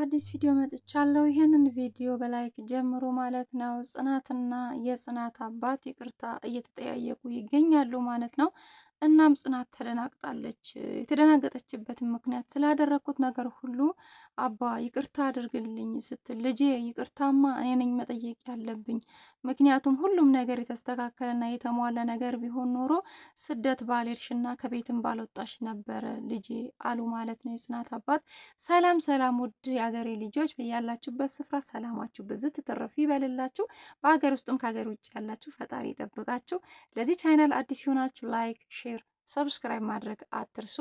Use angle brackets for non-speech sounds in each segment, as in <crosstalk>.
አዲስ ቪዲዮ መጥቻለሁ። ይህንን ቪዲዮ በላይክ ጀምሩ ማለት ነው። ጽናትና የጽናት አባት ይቅርታ እየተጠያየቁ ይገኛሉ ማለት ነው። እናም ጽናት ተደናግጣለች። የተደናገጠችበትን ምክንያት ስላደረግኩት ነገር ሁሉ አባ ይቅርታ አድርግልኝ ስትል ልጄ ይቅርታማ እኔ ነኝ መጠየቅ ያለብኝ፣ ምክንያቱም ሁሉም ነገር የተስተካከለና የተሟለ ነገር ቢሆን ኖሮ ስደት ባልሄድሽና ከቤትም ባልወጣሽ ነበረ ልጄ አሉ ማለት ነው የጽናት አባት። ሰላም ሰላም፣ ውድ የአገሬ ልጆች በያላችሁበት ስፍራ ሰላማችሁ ብዝት ትርፍ ይበልላችሁ። በሀገር ውስጥም ከሀገር ውጭ ያላችሁ ፈጣሪ ይጠብቃችሁ። ለዚህ ቻይናል አዲስ ሲሆናችሁ ላይክ ሰብስክራይብ ማድረግ አትርሱ።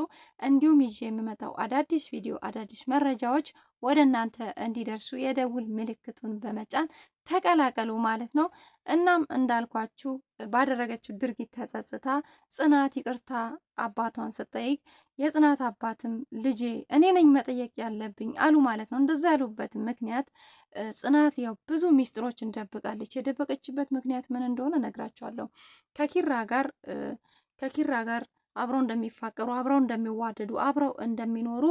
እንዲሁም ይዤ የምመጣው አዳዲስ ቪዲዮ፣ አዳዲስ መረጃዎች ወደ እናንተ እንዲደርሱ የደውል ምልክቱን በመጫን ተቀላቀሉ ማለት ነው። እናም እንዳልኳችሁ ባደረገችው ድርጊት ተጸጽታ ጽናት ይቅርታ አባቷን ስጠይቅ የጽናት አባትም ልጄ እኔ ነኝ መጠየቅ ያለብኝ አሉ ማለት ነው። እንደዛ ያሉበት ምክንያት ጽናት ያው ብዙ ሚስጥሮች እንደብቃለች። የደበቀችበት ምክንያት ምን እንደሆነ ነግራችኋለሁ። ከኪራ ጋር ከኪራ ጋር አብረው እንደሚፋቀሩ፣ አብረው እንደሚዋደዱ፣ አብረው እንደሚኖሩ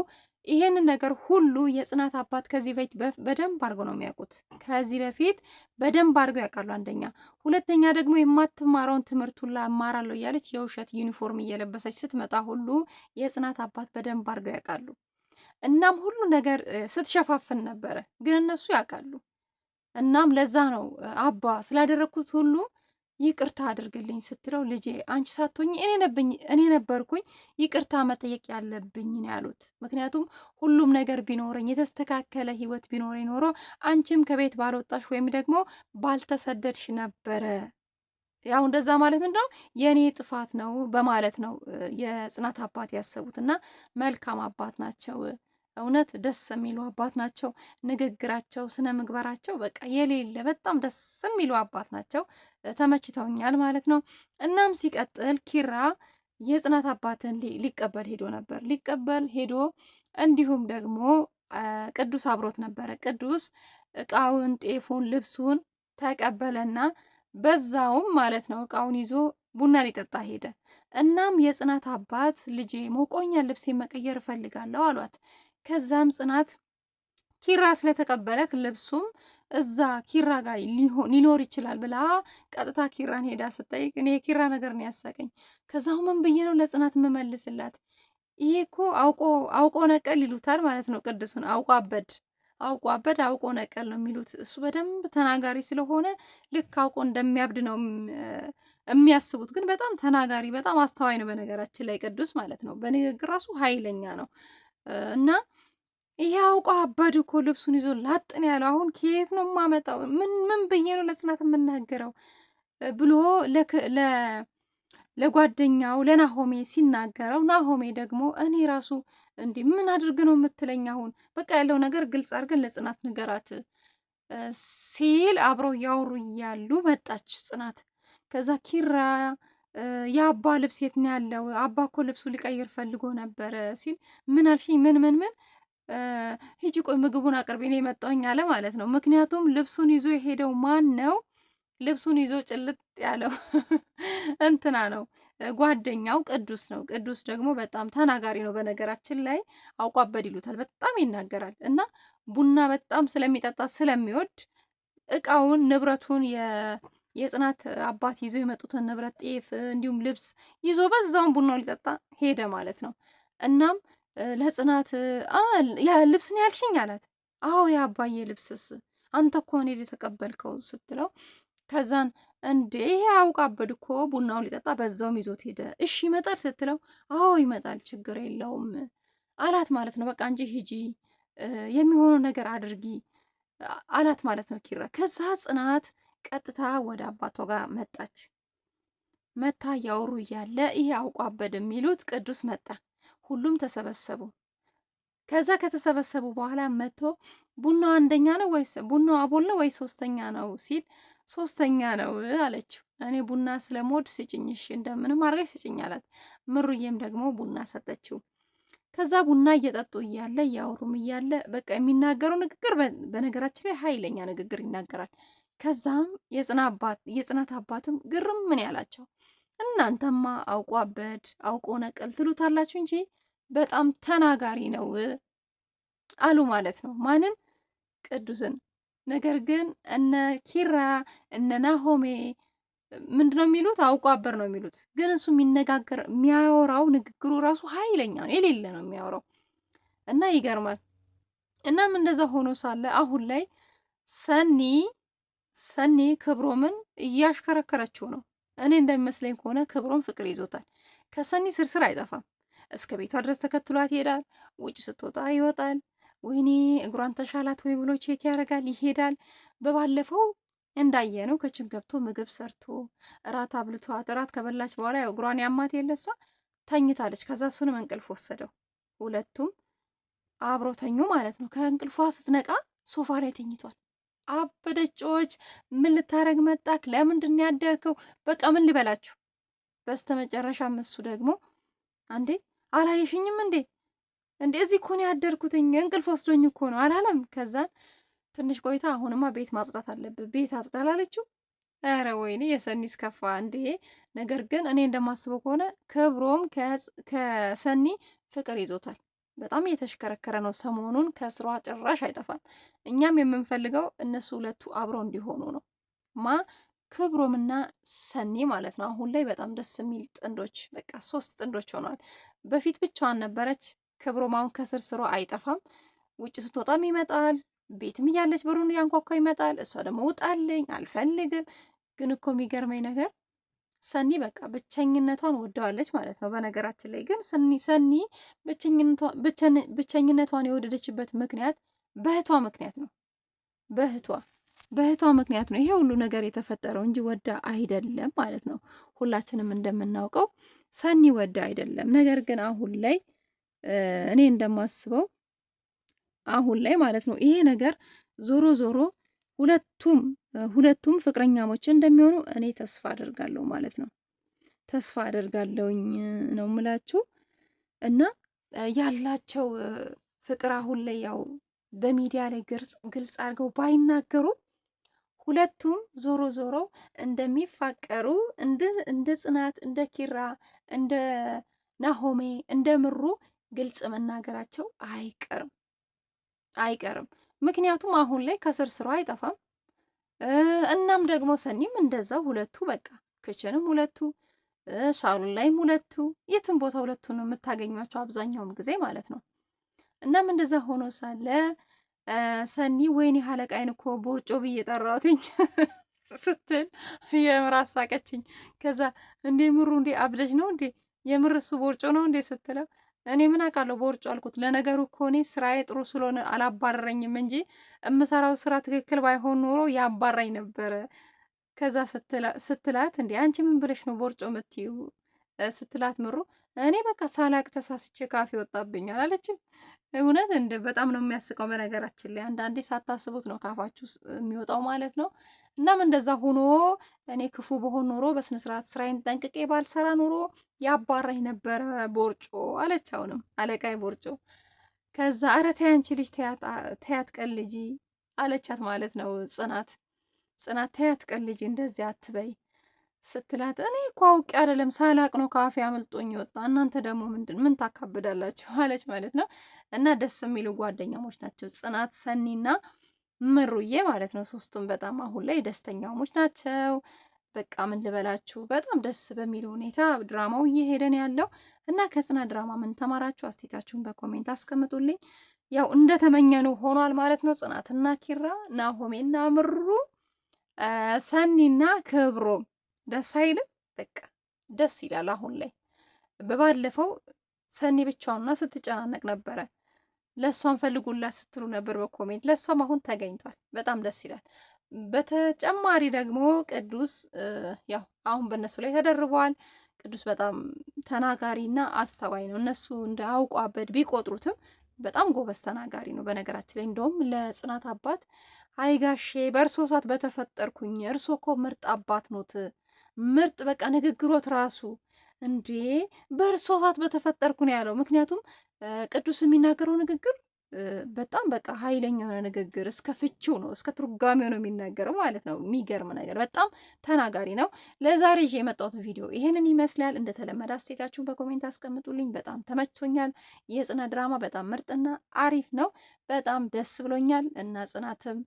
ይሄንን ነገር ሁሉ የጽናት አባት ከዚህ በፊት በደንብ አድርገው ነው የሚያውቁት። ከዚህ በፊት በደንብ አድርገው ያውቃሉ። አንደኛ፣ ሁለተኛ ደግሞ የማትማረውን ትምህርቱን ላማራለሁ እያለች የውሸት ዩኒፎርም እየለበሰች ስትመጣ ሁሉ የጽናት አባት በደንብ አድርገው ያውቃሉ። እናም ሁሉ ነገር ስትሸፋፍን ነበረ፣ ግን እነሱ ያውቃሉ። እናም ለዛ ነው አባ ስላደረግኩት ሁሉ ይቅርታ አድርግልኝ ስትለው ልጄ አንቺ ሳትሆኝ እኔ ነበርኩኝ ይቅርታ መጠየቅ ያለብኝ ነው ያሉት። ምክንያቱም ሁሉም ነገር ቢኖረኝ የተስተካከለ ህይወት ቢኖረኝ ኖሮ አንቺም ከቤት ባልወጣሽ ወይም ደግሞ ባልተሰደድሽ ነበረ። ያው እንደዛ ማለት ምንድነው የእኔ ጥፋት ነው በማለት ነው የጽናት አባት ያሰቡት እና መልካም አባት ናቸው። እውነት ደስ የሚሉ አባት ናቸው። ንግግራቸው፣ ስነ ምግባራቸው በቃ የሌለ በጣም ደስ የሚሉ አባት ናቸው። ተመችተውኛል ማለት ነው። እናም ሲቀጥል ኪራ የጽናት አባትን ሊቀበል ሄዶ ነበር። ሊቀበል ሄዶ እንዲሁም ደግሞ ቅዱስ አብሮት ነበረ። ቅዱስ እቃውን፣ ጤፉን፣ ልብሱን ተቀበለና በዛውም ማለት ነው እቃውን ይዞ ቡና ሊጠጣ ሄደ። እናም የጽናት አባት ልጄ ሞቆኛ ልብሴን መቀየር እፈልጋለሁ አሏት። ከዛም ጽናት ኪራ ስለተቀበለት ልብሱም እዛ ኪራ ጋር ሊኖር ይችላል ብላ ቀጥታ ኪራን ሄዳ ስጠይቅ እኔ የኪራ ነገር ነው ያሳቀኝ። ከዛሁ ምን ብዬ ነው ለጽናት የምመልስላት? ይሄ እኮ አውቆ ነቀል ይሉታል ማለት ነው። ቅዱስን አውቆ አበድ አውቆ አበድ አውቆ ነቀል ነው የሚሉት። እሱ በደንብ ተናጋሪ ስለሆነ ልክ አውቆ እንደሚያብድ ነው የሚያስቡት። ግን በጣም ተናጋሪ፣ በጣም አስተዋይ ነው። በነገራችን ላይ ቅዱስ ማለት ነው በንግግር ራሱ ኃይለኛ ነው እና ይሄ አውቆ አባዱ እኮ ልብሱን ይዞ ላጥን ያለው። አሁን ከየት ነው የማመጣው? ምን ምን ብዬ ነው ለጽናት የምናገረው? ብሎ ለጓደኛው ለናሆሜ ሲናገረው፣ ናሆሜ ደግሞ እኔ ራሱ እንዲህ ምን አድርግ ነው የምትለኝ? አሁን በቃ ያለው ነገር ግልጽ አድርገን ለጽናት ንገራት ሲል አብረው እያወሩ እያሉ መጣች ጽናት። ከዛ ኪራ የአባ ልብስ የት ነው ያለው? አባ እኮ ልብሱ ሊቀይር ፈልጎ ነበረ ሲል ምን አልሽኝ? ምን ምን ምን ሂጂ ቆይ ምግቡን አቅርቢ ነው የመጣውኝ አለ ማለት ነው። ምክንያቱም ልብሱን ይዞ የሄደው ማን ነው? ልብሱን ይዞ ጭልጥ ያለው <laughs> እንትና ነው፣ ጓደኛው ቅዱስ ነው። ቅዱስ ደግሞ በጣም ተናጋሪ ነው። በነገራችን ላይ አውቋበድ ይሉታል። በጣም ይናገራል እና ቡና በጣም ስለሚጠጣ ስለሚወድ እቃውን ንብረቱን የጽናት አባት ይዘው የመጡትን ንብረት ጤፍ፣ እንዲሁም ልብስ ይዞ በዛውን ቡናው ሊጠጣ ሄደ ማለት ነው እናም ለጽናት ያ ልብስን ያልሽኝ አላት። አዎ የአባዬ ልብስስ አንተ እኮ እኔ የተቀበልከው ስትለው ከዛን እንዴ ይሄ አውቃበድ እኮ ቡናውን ሊጠጣ በዛውም ይዞት ሄደ። እሺ ይመጣል ስትለው አዎ ይመጣል ችግር የለውም አላት ማለት ነው። በቃ እንጂ ሂጂ የሚሆነው ነገር አድርጊ አላት ማለት ነው ኪራ። ከዛ ጽናት ቀጥታ ወደ አባቷ ጋር መጣች። መታ እያወሩ እያለ ይሄ አውቋበድ የሚሉት ቅዱስ መጣ። ሁሉም ተሰበሰቡ። ከዛ ከተሰበሰቡ በኋላ መጥቶ ቡናው አንደኛ ነው ወይስ ቡናው አቦል ነው ወይስ ሶስተኛ ነው ሲል ሶስተኛ ነው አለችው። እኔ ቡና ስለምወድ ስጭኝሽ እንደምንም አድርገሽ ስጭኝ አላት። ምሩዬም ደግሞ ቡና ሰጠችው። ከዛ ቡና እየጠጡ እያለ እያወሩም እያለ በቃ የሚናገረው ንግግር በነገራችን ላይ ኃይለኛ ንግግር ይናገራል። ከዛም የጽናት አባትም ግርም ምን ያላቸው እናንተማ አውቆ አበድ አውቆ ነቀል ትሉታላችሁ እንጂ በጣም ተናጋሪ ነው አሉ ማለት ነው። ማንን? ቅዱስን። ነገር ግን እነ ኪራ እነ ናሆሜ ምንድን ነው የሚሉት? አውቆ አበር ነው የሚሉት። ግን እሱ የሚነጋገር የሚያወራው ንግግሩ ራሱ ኃይለኛ ነው፣ የሌለ ነው የሚያወራው እና ይገርማል። እናም እንደዛ ሆኖ ሳለ አሁን ላይ ሰኒ ሰኒ ክብሮምን እያሽከረከረችው ነው እኔ እንደሚመስለኝ ከሆነ ክብሮም ፍቅር ይዞታል። ከሰኒ ስርስር አይጠፋም። እስከ ቤቷ ድረስ ተከትሏት ይሄዳል። ውጭ ስትወጣ ይወጣል። ወይኔ እግሯን ተሻላት ወይ ብሎ ቼክ ያደርጋል፣ ይሄዳል። በባለፈው ነው ከችን ገብቶ ምግብ ሰርቶ እራት አብልቷት፣ እራት ከበላች በኋላ ያው እግሯን ያማት የለሷ ተኝታለች። ከዛ እሱንም እንቅልፍ ወሰደው። ሁለቱም አብሮ ተኙ ማለት ነው። ከእንቅልፏ ስትነቃ ሶፋ ላይ ተኝቷል። አበደጮች ምን ልታረግ መጣክ? ለምንድን ያደርከው? በቃ ምን ልበላችሁ። በስተመጨረሻ እሱ ደግሞ አንዴ አላየሽኝም እንዴ እንዴ እዚህ እኮ ነው ያደርኩትኝ፣ እንቅልፍ ወስዶኝ እኮ ነው አላለም። ከዛን ትንሽ ቆይታ አሁንማ ቤት ማጽዳት አለብህ፣ ቤት አጽዳል አለችው። ኧረ ወይኔ የሰኒስ ከፋ እንዴ! ነገር ግን እኔ እንደማስበው ከሆነ ክብሮም ከሰኒ ፍቅር ይዞታል። በጣም እየተሽከረከረ ነው ሰሞኑን። ከስሯ ጭራሽ አይጠፋም። እኛም የምንፈልገው እነሱ ሁለቱ አብሮ እንዲሆኑ ነው። ማ ክብሮምና ሰኒ ማለት ነው። አሁን ላይ በጣም ደስ የሚል ጥንዶች፣ በቃ ሶስት ጥንዶች ሆኗል። በፊት ብቻዋን ነበረች። ክብሮም አሁን ከስር ስሯ አይጠፋም። ውጭ ስትወጣም ይመጣል። ቤትም እያለች በሩን እያንኳኳ ይመጣል። እሷ ደግሞ ውጣልኝ አልፈልግም። ግን እኮ የሚገርመኝ ነገር ሰኒ በቃ ብቸኝነቷን ወደዋለች ማለት ነው። በነገራችን ላይ ግን ሰኒ ሰኒ ብቸኝነቷን የወደደችበት ምክንያት በእህቷ ምክንያት ነው። በእህቷ በእህቷ ምክንያት ነው ይሄ ሁሉ ነገር የተፈጠረው እንጂ ወዳ አይደለም ማለት ነው። ሁላችንም እንደምናውቀው ሰኒ ወዳ አይደለም። ነገር ግን አሁን ላይ እኔ እንደማስበው አሁን ላይ ማለት ነው ይሄ ነገር ዞሮ ዞሮ ሁለቱም ሁለቱም ፍቅረኛሞች እንደሚሆኑ እኔ ተስፋ አደርጋለሁ ማለት ነው። ተስፋ አደርጋለሁኝ ነው የምላችሁ እና ያላቸው ፍቅር አሁን ላይ ያው በሚዲያ ላይ ግልጽ አድርገው ባይናገሩም ሁለቱም ዞሮ ዞሮ እንደሚፋቀሩ እንደ ጽናት፣ እንደ ኪራ፣ እንደ ናሆሜ፣ እንደ ምሩ ግልጽ መናገራቸው አይቀርም አይቀርም። ምክንያቱም አሁን ላይ ከስር ስሩ አይጠፋም። እናም ደግሞ ሰኒም እንደዛ ሁለቱ በቃ ክችንም ሁለቱ ሳሎን ላይም ሁለቱ የትም ቦታ ሁለቱ ነው የምታገኟቸው አብዛኛውም ጊዜ ማለት ነው። እናም እንደዛ ሆኖ ሳለ ሰኒ ወይኔ ሀለቃይን እኮ ቦርጮ ብዬ ጠራትኝ <laughs> ስትል የምር አሳቀችኝ። ከዛ እንዴ ምሩ እንዴ አብደሽ ነው እንዴ የምር እሱ ቦርጮ ነው እንዴ ስትለው እኔ ምን አውቃለሁ በውርጩ አልኩት። ለነገሩ እኮ እኔ ስራዬ ጥሩ ስለሆነ አላባረረኝም እንጂ እምሰራው ስራ ትክክል ባይሆን ኖሮ ያባራኝ ነበረ። ከዛ ስትላት እንዴ አንቺ ምን ብለሽ ነው በውርጮ የምትይው? ስትላት ምሩ እኔ በቃ ሳላቅ ተሳስቼ ካፌ ወጣብኛል አለችም። እውነት እንደ በጣም ነው የሚያስቀው። በነገራችን ላይ አንዳንዴ ሳታስቡት ነው ካፋችሁ የሚወጣው ማለት ነው። እናም እንደዛ ሆኖ እኔ ክፉ በሆን ኖሮ በስነ ስርዓት ስራዬን ጠንቅቄ ባልሰራ ኖሮ ያባራኝ ነበረ ቦርጮ አለች። አሁንም አለቃይ ቦርጮ ከዛ ኧረ ተይ አንቺ ልጅ ተያት ቀልጂ አለቻት ማለት ነው። ጽናት ጽናት ተያት ቀልጂ እንደዚህ አትበይ ስትላት እኔ እኮ አውቄ አይደለም ሳላቅ ነው ከአፌ አመልጦኝ ወጣ። እናንተ ደግሞ ምንድን ምን ታካብዳላችሁ? አለች ማለት ነው። እና ደስ የሚሉ ጓደኛሞች ናቸው ጽናት ሰኒና ምሩዬ ማለት ነው። ሶስቱም በጣም አሁን ላይ ደስተኛሞች ናቸው። በቃ ምን ልበላችሁ በጣም ደስ በሚል ሁኔታ ድራማው እየሄደን ያለው እና ከጽናት ድራማ ምን ተማራችሁ? አስቴታችሁን በኮሜንት አስቀምጡልኝ። ያው እንደተመኘነው ሆኗል ማለት ነው። ጽናትና ኪራ፣ ናሆሜና ምሩ፣ ሰኒና ክብሮም ደስ አይልም? በቃ ደስ ይላል። አሁን ላይ በባለፈው ሰኒ ና ስትጨናነቅ ነበረ። ለእሷን ፈልጉላት ስትሉ ነበር በኮሜንት ለእሷም አሁን ተገኝቷል። በጣም ደስ ይላል። በተጨማሪ ደግሞ ቅዱስ ያው አሁን በእነሱ ላይ ተደርበዋል። ቅዱስ በጣም ተናጋሪ እና አስተዋይ ነው። እነሱ እንደ አውቋበድ ቢቆጥሩትም በጣም ጎበዝ ተናጋሪ ነው። በነገራችን ላይ እንደውም ለጽናት አባት አይጋሼ በእርሶ ሰዓት በተፈጠርኩኝ እርሶ እኮ ምርጥ አባት ኖት፣ ምርጥ በቃ ንግግሮት ራሱ እንዴ በእርሶ ሰዓት በተፈጠርኩ ነው ያለው። ምክንያቱም ቅዱስ የሚናገረው ንግግር በጣም በቃ ኃይለኛ የሆነ ንግግር እስከ ፍቺው ነው እስከ ትርጓሜው ነው የሚናገረው ማለት ነው። የሚገርም ነገር፣ በጣም ተናጋሪ ነው። ለዛሬ ይዤ የመጣሁት ቪዲዮ ይሄንን ይመስላል። እንደተለመደ አስተያየታችሁን በኮሜንት አስቀምጡልኝ። በጣም ተመችቶኛል። የጽናት ድራማ በጣም ምርጥና አሪፍ ነው። በጣም ደስ ብሎኛል እና ጽናትም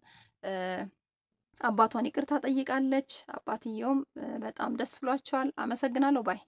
አባቷን ይቅርታ ጠይቃለች። አባትየውም በጣም ደስ ብሏቸዋል። አመሰግናለሁ ባይ